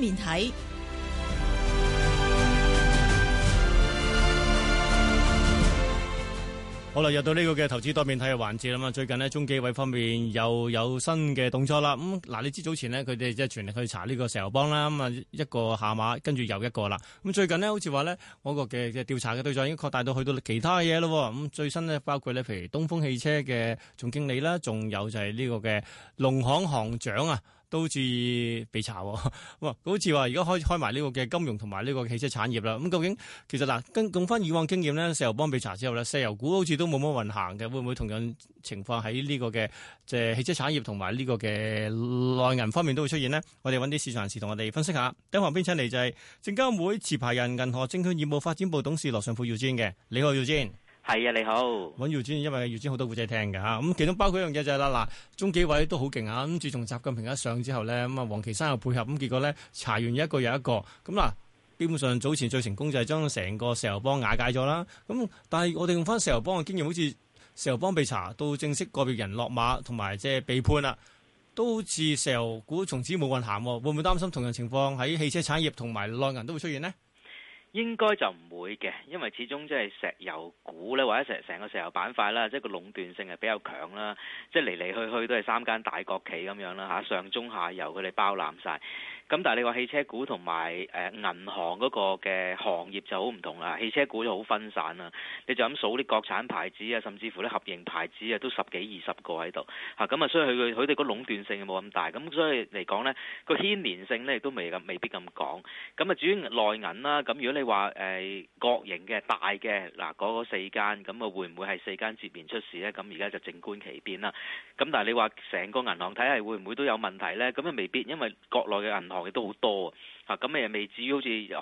面睇，好啦，入到呢個嘅投資多面睇嘅環節啦嘛。最近咧，中紀委方面又有新嘅動作啦。咁、嗯、嗱，你知早前呢，佢哋即係全力去查呢個石油幫啦。咁啊，一個下馬，跟住又一個啦。咁最近呢，好似話呢，嗰個嘅嘅調查嘅對象已經擴大到去到其他嘢咯。咁最新呢，包括呢，譬如東風汽車嘅總經理啦，仲有就係呢個嘅農行行長啊。都注意被查、哦，咁啊，好似話而家開開埋呢個嘅金融同埋呢個汽車產業啦。咁、嗯、究竟其實嗱，根據返以往經驗咧，石油幫被查之後咧，石油股好似都冇乜運行嘅，會唔會同樣情況喺呢個嘅即係汽車產業同埋呢個嘅內銀方面都會出現呢？我哋揾啲市場人士同我哋分析下。等旁邊請嚟就係證監會持牌人銀河證券業務發展部董事羅尚沛耀堅嘅，你好耀堅。Eugene 係啊，你好。搵姚主任，因為姚主任好多股仔聽嘅吓，咁、啊、其中包括一樣嘢就係啦，嗱、啊，中紀委都好勁啊，咁自從習近平一上之後咧，咁啊王岐山又配合，咁、啊、結果咧查完一個又一個，咁、啊、嗱、啊，基本上早前最成功就係將成個石油幫瓦解咗啦。咁、啊、但係我哋用翻石油幫嘅經驗，好似石油幫被查到正式個別人落馬同埋即係被判啦、啊，都好似石油股從此冇運行，啊、會唔會擔心同樣情況喺汽車產業同埋內銀都會出現呢？應該就唔會嘅，因為始終即係石油股咧，或者成成個石油板塊啦，即係個壟斷性係比較強啦，即係嚟嚟去去都係三間大國企咁樣啦吓，上中下游佢哋包攬晒。咁但係你話汽車股同埋誒銀行嗰個嘅行業就好唔同啦，汽車股就好分散啦，你就咁數啲國產牌子啊，甚至乎咧合營牌子啊，都十幾二十個喺度，嚇咁啊、嗯，所以佢佢哋個壟斷性冇咁大，咁、嗯、所以嚟講呢，個牽連性呢亦都未未必咁講，咁、嗯、啊至於內銀啦，咁、嗯、如果你話誒、欸、國營嘅大嘅嗱嗰四間，咁啊會唔會係四間接連出事呢？咁而家就靜觀其變啦。咁、嗯、但係你話成個銀行體系會唔會都有問題呢？咁啊未必，因為國內嘅銀行，亦都好多啊！咁誒未至於好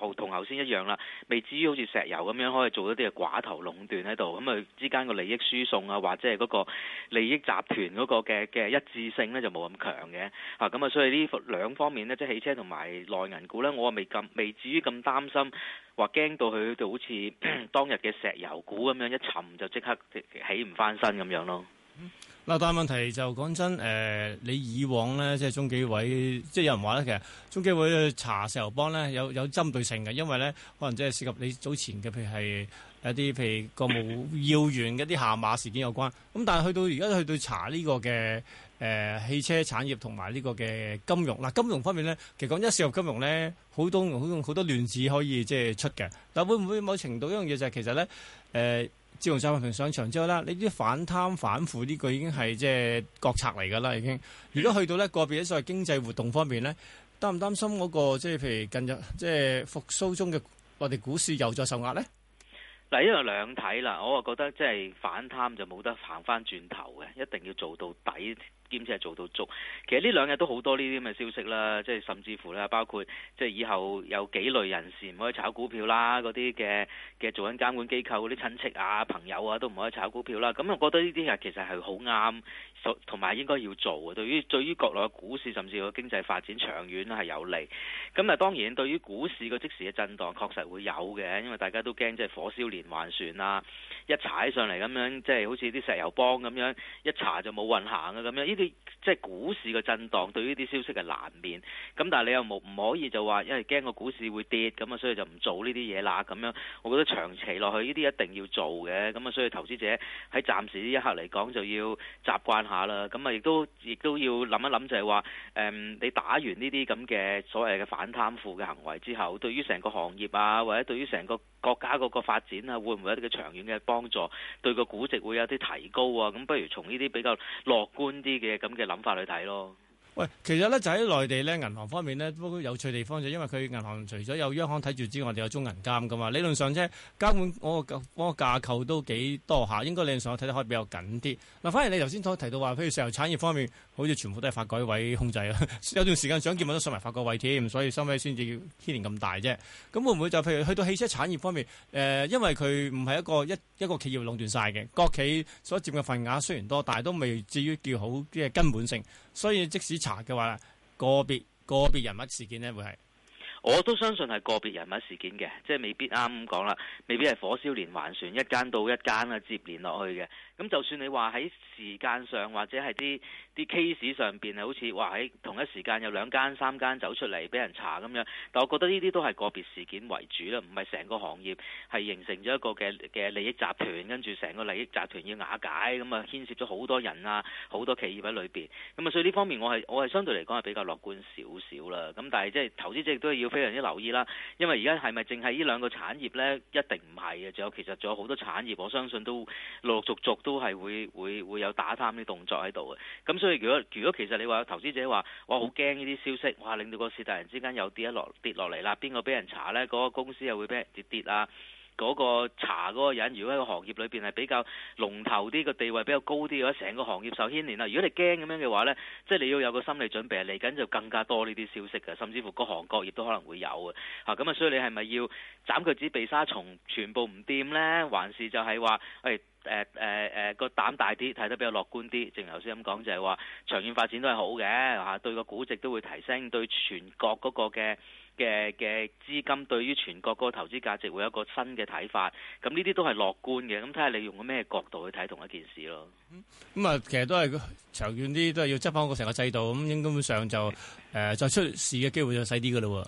似同頭先一樣啦，未至於好似石油咁樣可以做一啲嘅寡頭壟斷喺度，咁啊之間個利益輸送啊，或者係嗰個利益集團嗰個嘅嘅一致性咧，就冇咁強嘅啊！咁、嗯、啊，所以呢兩方面咧，即係汽車同埋內銀股咧，我未咁未至於咁擔心，話驚到佢哋好似當日嘅石油股咁樣一沉就即刻起唔翻身咁樣咯。嗱，但係問題就講真，誒、呃，你以往咧，即係中紀委，即係有人話咧，其實中紀委去查石油幫咧有有針對性嘅，因為咧可能即係涉及你早前嘅，譬如係一啲譬如國務要員嘅一啲下馬事件有關。咁但係去到而家去到查呢個嘅誒、呃、汽車產業同埋呢個嘅金融，嗱、呃、金融方面咧，其實講真，涉及金融咧，好多好多好多亂子可以即係出嘅。但會唔會某程度一樣嘢就係、是、其實咧，誒、呃？自從習近平上場之後呢你啲反貪反腐呢個已經係即係國策嚟㗎啦，已經。如果去到呢個別所謂經濟活動方面呢，擔唔擔心嗰、那個即係譬如近日即係復甦中嘅我哋股市又再受壓呢？嗱，因為兩睇啦，我啊覺得即係反貪就冇得行翻轉頭嘅，一定要做到底。兼且係做到足，其實呢兩日都好多呢啲咁嘅消息啦，即係甚至乎啦，包括即係以後有幾類人士唔可以炒股票啦，嗰啲嘅嘅做緊監管機構嗰啲親戚啊、朋友啊都唔可以炒股票啦。咁我覺得呢啲係其實係好啱，同埋應該要做嘅。對於對於國內嘅股市，甚至個經濟發展長遠都係有利。咁啊，當然對於股市個即時嘅震盪確實會有嘅，因為大家都驚即係火燒連環船啊，一踩上嚟咁樣，即係好似啲石油幫咁樣一查就冇運行啊咁樣。即係股市嘅震蕩對於啲消息係難免，咁但係你又冇唔可以就話因為驚個股市會跌咁啊，所以就唔做呢啲嘢啦。咁樣我覺得長期落去呢啲一定要做嘅，咁啊，所以投資者喺暫時呢一刻嚟講就要習慣下啦。咁啊，亦都亦都要諗一諗就係話誒你打完呢啲咁嘅所謂嘅反貪腐嘅行為之後對於成個行業啊，或者對於成個國家嗰個發展啊，會唔會有啲嘅長遠嘅幫助？對個估值會有啲提高啊？咁不如從呢啲比較樂觀啲嘅嘅咁嘅諗法去睇咯。喂，其實咧就喺、是、內地咧，銀行方面咧都有趣地方就係因為佢銀行除咗有央行睇住之外，我哋有中銀監噶嘛。理論上咧監管嗰個架嗰個架構都幾多下，應該理論上我睇得開比較緊啲。嗱、啊，反而你頭先所提到話，譬如石油產業方面，好似全部都係發改委控制啦。 有段時間想兼買都上埋發改委添，所以收尾先至牽連咁大啫。咁、嗯、會唔會就譬如去到汽車產業方面？誒、呃，因為佢唔係一個一一個企業壟斷晒嘅，國企所佔嘅份額雖然多，但係都未至於叫好即係根本性。所以即使查嘅話啦，個別個別人物事件咧會係。我都相信係個別人物事件嘅，即係未必啱咁講啦，未必係火燒連環船一間到一間啦接連落去嘅。咁就算你話喺時間上或者係啲啲 case 上邊好似話喺同一時間有兩間三間走出嚟俾人查咁樣，但我覺得呢啲都係個別事件為主啦，唔係成個行業係形成咗一個嘅嘅利益集團，跟住成個利益集團要瓦解咁啊，牽涉咗好多人啊，好多企業喺裏邊。咁啊所以呢方面我係我係相對嚟講係比較樂觀少少啦。咁但係即係投資者亦都要。非常之留意啦，因為而家係咪淨係呢兩個產業咧？一定唔係嘅，仲有其實仲有好多產業，我相信都陸陸續續都係會會會有打探啲動作喺度嘅。咁所以如果如果其實你話投資者話：「哇，好驚呢啲消息，哇！令到個市突然之間又跌一落跌落嚟啦，邊個俾人查咧？嗰個公司又會俾人跌跌啊？嗰個查嗰個人，如果喺個行業裏邊係比較龍頭啲，個地位比較高啲嘅話，成個行業受牽連啦。如果你驚咁樣嘅話呢，即係你要有個心理準備，嚟緊就更加多呢啲消息嘅，甚至乎各行各業都可能會有啊。嚇咁啊，所以你係咪要斬腳趾避沙蟲，全部唔掂呢？還是就係話，誒、哎？誒誒誒，個膽大啲，睇得比較樂觀啲。正如頭先咁講，就係、是、話長遠發展都係好嘅吓、啊，對個估值都會提升，對全國嗰個嘅嘅嘅資金，對於全國個投資價值會有一個新嘅睇法。咁呢啲都係樂觀嘅。咁睇下你用咩角度去睇同一件事咯。咁啊、嗯，其實都係長遠啲，都係要執翻個成個制度。咁、嗯、根本上就誒、呃，再出事嘅機會就細啲噶啦。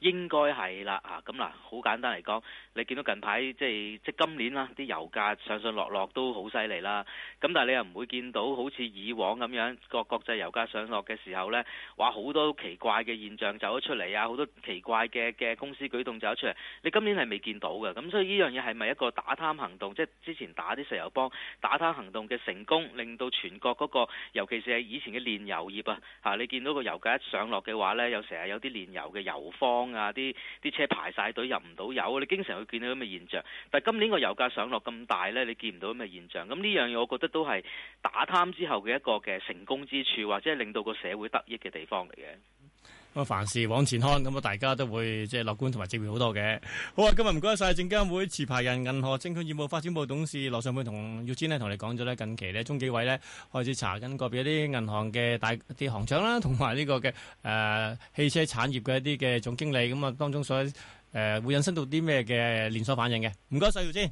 應該係啦嚇，咁嗱，好簡單嚟講，你見到近排即係即今年啦，啲油價上上落落都好犀利啦。咁但係你又唔會見到好似以往咁樣個國際油價上落嘅時候呢，哇好多奇怪嘅現象走咗出嚟啊，好多奇怪嘅嘅公司舉動走咗出嚟。你今年係未見到嘅，咁所以呢樣嘢係咪一個打貪行動？即係之前打啲石油幫打貪行動嘅成功，令到全國嗰個，尤其是係以前嘅煉油業啊嚇，你見到個油價一上落嘅話呢，有成日有啲煉油嘅油方。啊！啲啲車排晒隊入唔到油，你經常會見到咁嘅現象。但係今年個油價上落咁大呢，你見唔到咁嘅現象。咁呢樣嘢，我覺得都係打貪之後嘅一個嘅成功之處，或者係令到個社會得益嘅地方嚟嘅。咁凡事往前看，咁啊，大家都會即係樂觀同埋積極好多嘅。好啊，今日唔該晒證監會持牌人、銀河證券業務發展部董事羅尚沛同耀堅呢同你講咗咧，近期呢，中紀委咧開始查緊個別一啲銀行嘅大啲行長啦，同埋呢個嘅誒、呃、汽車產業嘅一啲嘅總經理，咁、嗯、啊，當中所誒、呃、會引申到啲咩嘅連鎖反應嘅。唔該晒耀堅。